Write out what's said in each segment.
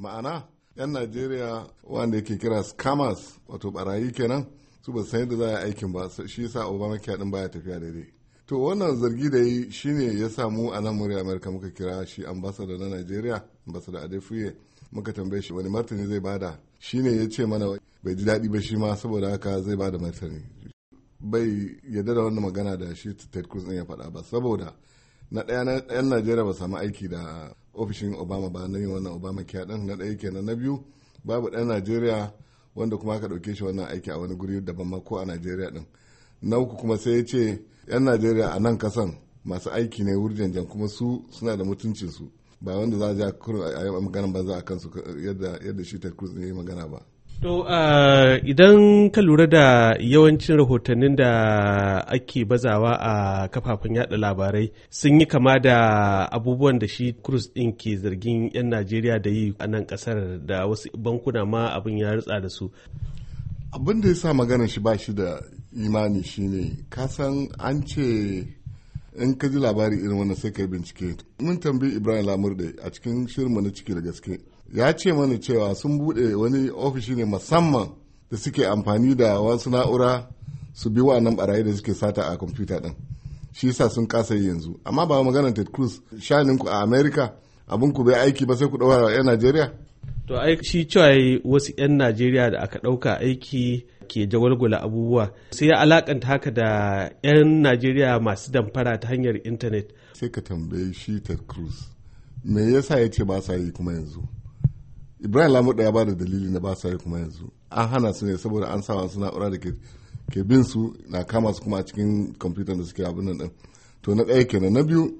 ma'ana 'yan najeriya wanda yake kira scammers wato barayi kenan su ba san yadda za a aikin ba shi yasa obama din baya tafiya daidai to wannan zargi da yi shine ya mu a nan murya amurka muka kira shi ambasada na najeriya ambasada adefuye muka tambaye shi wani martani zai bada shine ya ce mana bai ji daɗi ba shi ma saboda haka zai bada martani bai yarda da wannan magana da shi ted cruz ya faɗa ba saboda na ɗaya na ɗayan najeriya ba samu aiki da ofishin obama ba na yin wannan obama kiya ɗin na ɗaya kenan na biyu babu ɗayan najeriya wanda kuma aka ɗauke shi wannan aiki a wani guri daban ma ko a najeriya ɗin na uku kuma sai ya ce 'yan najeriya a nan kasan masu aiki ne wurjanjan kuma su suna da mutuncinsu ba wanda za a ja kurin a yi magana ba za a kansu yadda shi ted cruz ne magana ba To uh, idan ka lura da yawancin rahotannin da ake bazawa a kafafen yada labarai sun yi kama da abubuwan da shi Cruz ɗin ke zargin 'yan Najeriya da yi a nan ƙasar da wasu bankuna ma abin ya rutsa da su. Abin da ya sa magana shi ba shi da imani shine kasan an ce in ka ji labari irin wannan sai ka yi bincike mun tambayi ibrahim lamurde a cikin shirin na ciki da gaske ya ce mana cewa sun bude wani ofishi ne musamman da suke amfani da wasu na'ura su bi wa nan barayi da suke sata a kwamfuta ɗin shi yasa sun kasa yi yanzu amma ba maganar ted cruz shaninku a america abin ku bai aiki ba sai ku ɗaura 'yan najeriya To ai shi cewa wasu 'yan Najeriya da aka ɗauka aiki ke jawalgula abubuwa sai ya alakanta haka da 'yan Najeriya masu damfara ta hanyar intanet. Sai ka tambaye shi Ted Cruz me yasa ya ce ba sa yi kuma yanzu? Ibrahim Lamu ya ba da dalili na ba sa yi kuma yanzu. An hana su ne saboda an sa wasu na'ura da ke bin su na kama su kuma a cikin kwamfutar da suke abin nan To na ɗaya kenan na biyu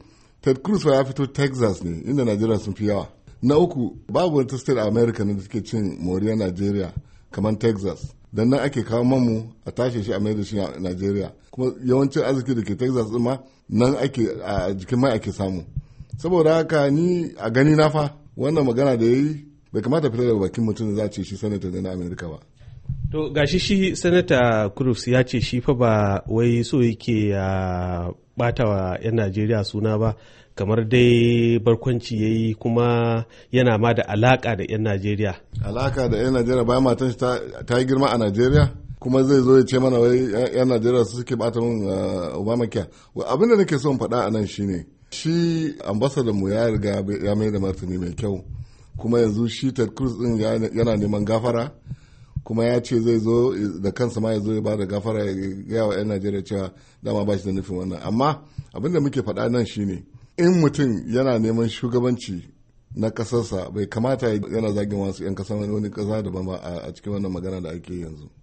Ted Cruz ya fito Texas ne inda Najeriya sun fi yawa. na uku babu wata state a america da suke cin moriya nigeria kamar texas dan nan ake kawo mamu a tashe shi a mai da shi a nigeria kuma yawancin arziki da ke texas ma nan ake a jikin mai ake samu saboda haka ni a gani na fa wannan magana da ya yi bai kamata fita da bakin mutum da za a ce shi sanata ne na amerika ba To gashi shi Sanata Cruz ya ce shi fa ba wai so yake ya bata wa 'yan Najeriya suna ba kamar dai barkwanci ya yi kuma yana ma da alaka da 'yan Najeriya. Alaka da 'yan Najeriya bayan matan shi ta yi girma a Najeriya? kuma zai zo ya ce mana wai 'yan Najeriya su suke bata min eh, Obamacare. Abin da nake son faɗa a nan shine shi ambasadan mu ya riga ya mai da martani mai kyau kuma yanzu shi Ted Cruz din yana neman gafara. kuma ya ce zai zo da kansa ma ya zo ya ba da gafara ya gaya wa 'yan najeriya cewa dama ba shi da nufin wannan amma abin da muke faɗa nan shine in mutum yana neman shugabanci na kasarsa bai kamata yana zagin wasu 'yan kasar wani kasa daban ba a cikin wannan magana da ake yanzu